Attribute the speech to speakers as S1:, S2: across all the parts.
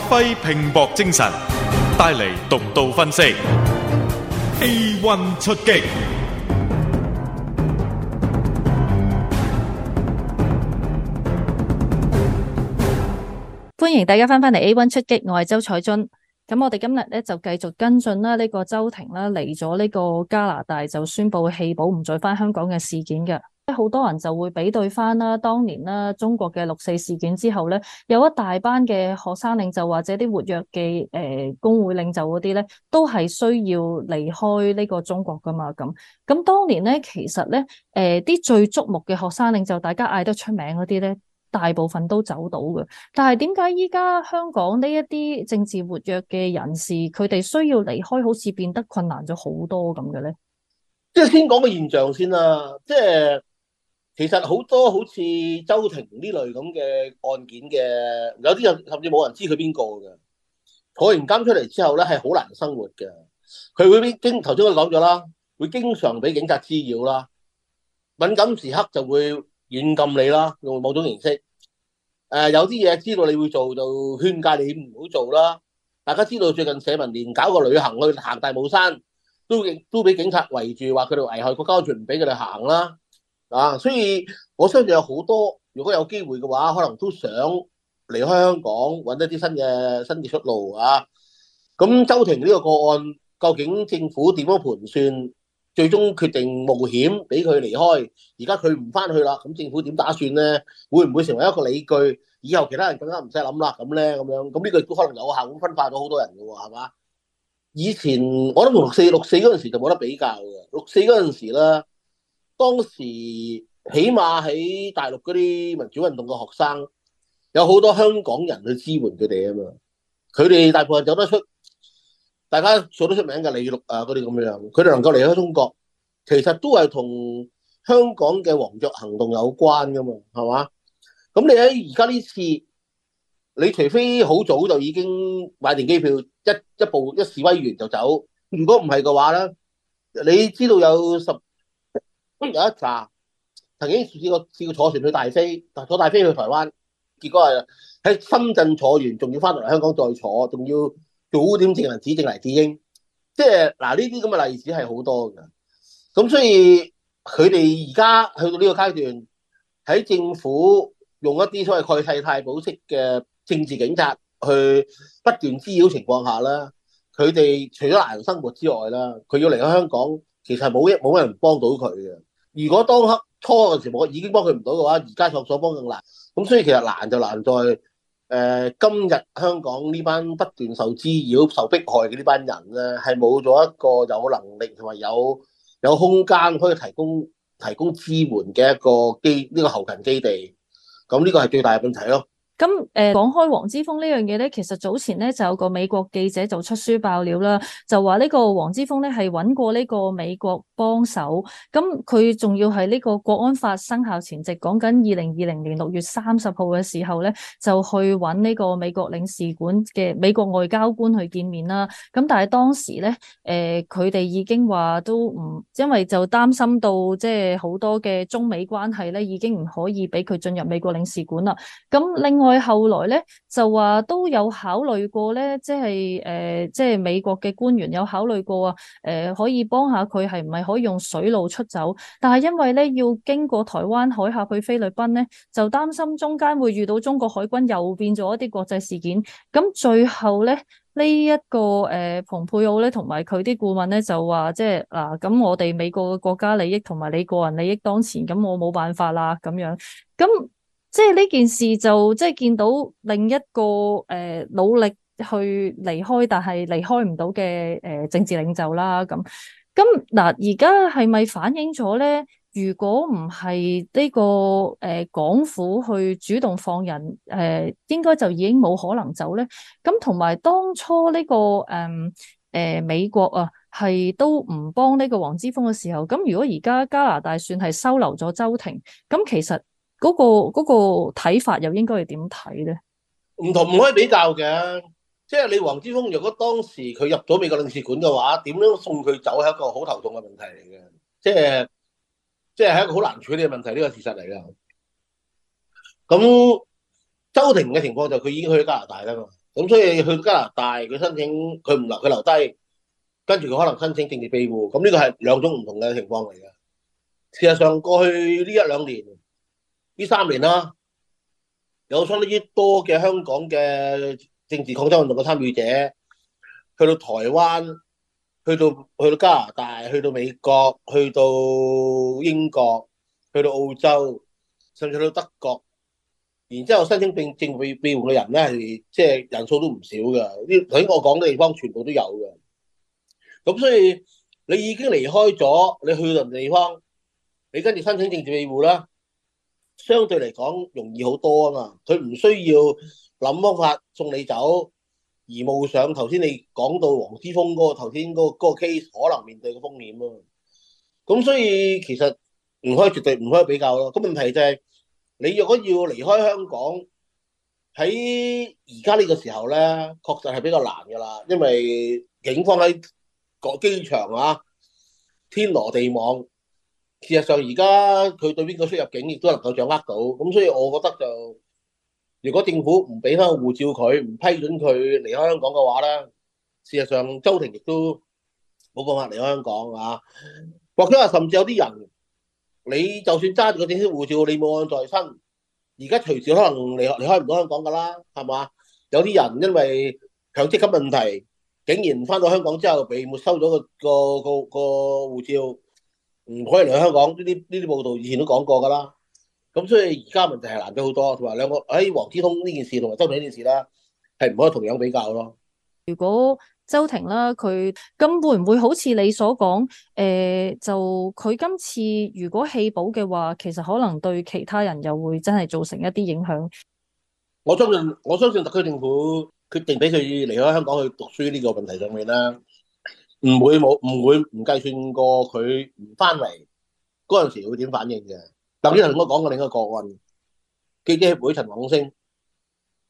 S1: 發揮拼搏精神，帶嚟獨到分析。A One 出擊，歡迎大家翻返嚟 A One 出擊。我係周采蓁，咁我哋今日咧就繼續跟進啦。呢個周庭啦嚟咗呢個加拿大，就宣布棄保唔再返香港嘅事件嘅。好多人就會比對返啦，當年啦，中國嘅六四事件之後咧，有一大班嘅學生領袖或者啲活躍嘅誒工會領袖嗰啲咧，都係需要離開呢個中國噶嘛咁。咁當年咧，其實咧，誒、呃、啲最矚目嘅學生領袖，大家嗌得出名嗰啲咧，大部分都走到嘅。但係點解依家香港呢一啲政治活躍嘅人士，佢哋需要離開，好似變得困難咗好多咁嘅咧？
S2: 即係先講個現象先啦，即係。其實好多好似周庭呢類咁嘅案件嘅，有啲甚至冇人知佢邊個嘅，坐完監出嚟之後咧，係好難生活嘅。佢會經頭先佢講咗啦，會經常俾警察滋擾啦，敏感時刻就會軟禁你啦，用某種形式。誒，有啲嘢知道你會做，就勸誡你唔好做啦。大家知道最近社民連搞個旅行去行大帽山，都都俾警察圍住，話佢哋危害國家安全，唔俾佢哋行啦。啊，所以我相信有好多，如果有機會嘅話，可能都想離開香港，揾一啲新嘅新嘅出路啊。咁周庭呢個個案，究竟政府點樣盤算？最終決定冒險俾佢離開，而家佢唔翻去啦，咁政府點打算咧？會唔會成為一個理據，以後其他人更加唔使諗啦。咁咧，咁樣，咁呢個都可能有效咁分化咗好多人嘅係，係嘛？以前我都同六四六四嗰陣時就冇得比較嘅，六四嗰陣時咧。當時起碼喺大陸嗰啲民主運動嘅學生，有好多香港人去支援佢哋啊嘛。佢哋大部分走得出，大家數得出名嘅李玉、啊嗰啲咁樣，佢哋能夠離開中國，其實都係同香港嘅黃雀行動有關噶嘛，係嘛？咁你喺而家呢次，你除非好早就已經買定機票，一一步一示威完就走。如果唔係嘅話咧，你知道有十。有一紮曾經試過試過坐船去大飛，坐大飛去台灣，結果係喺深圳坐完，仲要翻到嚟香港再坐，仲要做污點證人指證黎智英，即係嗱呢啲咁嘅例子係好多嘅。咁所以佢哋而家去到呢個階段，喺政府用一啲所謂蓋世太保式嘅政治警察去不斷滋擾情況下咧，佢哋除咗難生活之外咧，佢要離開香港，其實冇一冇人幫到佢嘅。如果當初嘅時候，我已經幫佢唔到嘅話，而家索所幫更難。咁所以其實難就難在，誒、呃、今日香港呢班不斷受滋擾、受迫害嘅呢班人咧，係冇咗一個有能力同埋有有空間可以提供提供支援嘅一個基呢、呢個後勤基地。咁呢個係最大嘅問題咯。
S1: 咁誒、呃、講開黃之鋒呢樣嘢咧，其實早前咧就有個美國記者就出書爆料啦，就話呢個黃之鋒咧係揾過呢個美國幫手，咁佢仲要係呢個國安法生效前夕，講緊二零二零年六月三十號嘅時候咧，就去揾呢個美國領事館嘅美國外交官去見面啦。咁但係當時咧，誒佢哋已經話都唔，因為就擔心到即係好多嘅中美關係咧已經唔可以俾佢進入美國領事館啦。咁另外再後來咧，就話都有考慮過咧，即係、呃、即係美國嘅官員有考慮過啊、呃，可以幫下佢係唔係可以用水路出走？但係因為咧要經過台灣海峽去菲律賓咧，就擔心中間會遇到中國海軍，又變咗一啲國際事件。咁最後咧，呢、這、一個誒、呃、蓬佩奧咧，同埋佢啲顧問咧就話，即係嗱，咁、啊、我哋美國嘅國家利益同埋你個人利益當前，咁我冇辦法啦，咁樣咁。即係呢件事就即係見到另一個誒、呃、努力去離開，但係離開唔到嘅誒政治領袖啦。咁咁嗱，而家係咪反映咗咧？如果唔係呢個誒、呃、港府去主動放人，誒、呃、應該就已經冇可能走咧。咁同埋當初呢、這個誒誒、嗯呃、美國啊係都唔幫呢個黃之鋒嘅時候，咁如果而家加拿大算係收留咗周庭，咁其實。嗰個嗰個睇法又應該係點睇咧？唔同唔可以比
S2: 較嘅，即係你黃之鋒，如果當時佢入咗美國領事館嘅話，點樣送佢走係一個好頭痛嘅問題嚟嘅，即係即係係一個好難處理嘅問題，呢個事實嚟嘅。咁周庭嘅情況就佢已經去咗加拿大啦嘛，咁所以去加拿大佢申請佢唔留佢留低，跟住佢可能申請政治庇護，咁呢個係兩種唔同嘅情況嚟嘅。事實上過去呢一兩年。呢三年啦，有相當於多嘅香港嘅政治抗爭運動嘅參與者，去到台灣，去到去到加拿大，去到美國，去到英國，去到澳洲，甚至去到德國，然之後申請政政府庇護嘅人咧，係即係人數都唔少㗎。呢頭先我講嘅地方全部都有嘅。咁所以你已經離開咗，你去到個地方，你跟住申請政治庇護啦。相對嚟講容易好多啊嘛，佢唔需要諗方法送你走，而冒上頭先你講到黃之鋒嗰個頭先嗰個嗰個 case 可能面對嘅風險啊，咁所以其實唔可以絕對唔可以比較咯。咁問題就係你若果要離開香港，喺而家呢個時候咧，確實係比較難噶啦，因為警方喺各機場啊，天羅地網。事實上，而家佢對邊個出入境亦都能夠掌握到，咁所以我覺得就，如果政府唔俾翻個護照佢，唔批准佢離開香港嘅話咧，事實上周庭亦都冇辦法離開香港啊。或者話甚至有啲人，你就算揸住個正式護照，你冇案在身，而家隨時可能離離開唔到香港噶啦，係嘛？有啲人因為強積金問題，竟然翻到香港之後被沒收咗個個個個護照。唔可以嚟香港，呢啲呢啲報道，以前都講過㗎啦。咁所以而家問題係難咗好多，同埋兩個喺黃之鋒呢件事同埋周庭呢件事啦，係唔可以同樣比較咯。
S1: 如果周庭啦，佢咁會唔會好似你所講？誒、呃，就佢今次如果棄保嘅話，其實可能對其他人又會真係造成一啲影響。
S2: 我相信我相信特區政府決定俾佢離開香港去讀書呢個問題上面啦。唔會冇，唔會唔計算過佢唔翻嚟嗰陣時候會點反應嘅。頭先同我講過另一個個案，記者協會陳朗星，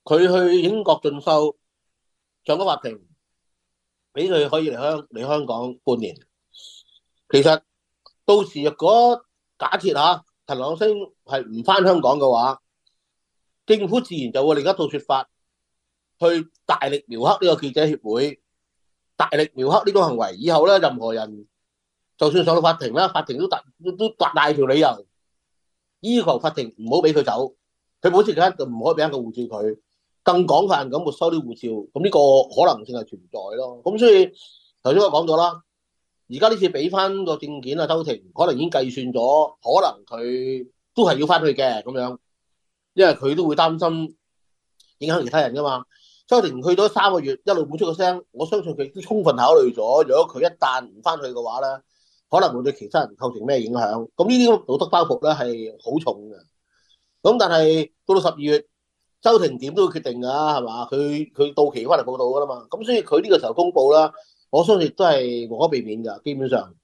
S2: 佢去英國進修，上咗法庭，俾佢可以嚟香嚟香港半年。其實到時若果假設吓陳朗星係唔翻香港嘅話，政府自然就會另一套說法，去大力描黑呢個記者協會。大力描黑呢種行為，以後咧任何人就算上到法庭啦，法庭都大都都大條理由，要求法庭唔好俾佢走，佢好似而家就唔可以俾一個護照佢，更廣泛咁沒收啲護照，咁呢個可能性係存在咯。咁所以頭先我講咗啦，而家呢次俾翻個證件啊，周庭可能已經計算咗，可能佢都係要翻去嘅咁樣，因為佢都會擔心影響其他人噶嘛。周庭去咗三個月，一路冇出個聲。我相信佢都充分考慮咗，如果佢一旦唔翻去嘅話咧，可能會對其他人構成咩影響。咁呢啲道德包袱咧係好重嘅。咁但係到到十二月，周庭點都會決定㗎，係嘛？佢佢到期翻嚟報到啦嘛。咁所以佢呢個時候公布啦，我相信都係無可避免㗎。基本上，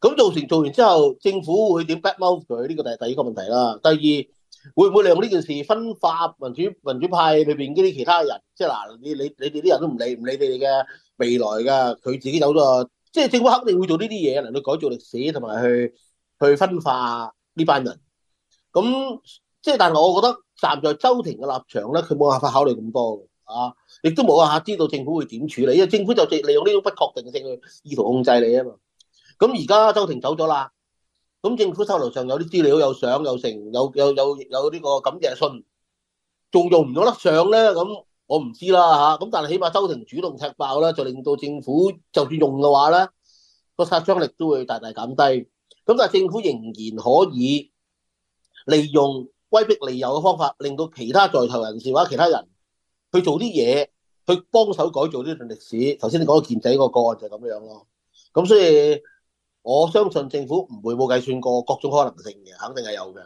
S2: 咁做成做完之後，政府會點 back mouth 佢呢個就係第第二個問題啦。第二。會唔會利用呢件事分化民主民主派裏邊啲其他人？即係嗱，你你你哋啲人都唔理唔理你哋嘅未來噶，佢自己走咗，即係政府肯定會做呢啲嘢嚟到改造歷史，同埋去去分化呢班人。咁即係，但係我覺得站在周庭嘅立場咧，佢冇辦法考慮咁多啊，亦都冇辦法知道政府會點處理，因為政府就借利用呢種不確定性去意圖控制你啊嘛。咁而家周庭走咗啦。咁政府手頭上有啲資料，有相、有成、有有有有呢個感謝信，仲用唔用得上咧？咁我唔知啦吓。咁但係起碼周庭主動踢爆啦，就令到政府就算用嘅話咧，個殺傷力都會大大減低。咁但係政府仍然可以利用威逼利誘嘅方法，令到其他在逃人士或者其他人去做啲嘢，去幫手改造呢段歷史。頭先你講個健仔個個案就係咁樣咯。咁所以。我相信政府唔會冇計算過各種可能性嘅，肯定係有
S1: 嘅。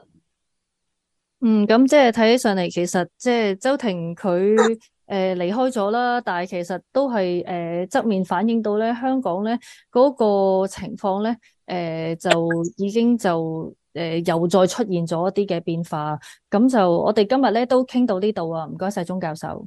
S1: 嗯，咁即係睇起上嚟，其實即係周庭佢誒離開咗啦， 但係其實都係誒側面反映到咧，香港咧嗰個情況咧誒就已經就誒、呃、又再出現咗一啲嘅變化。咁就我哋今日咧都傾到呢度啊，唔該晒，鐘教授。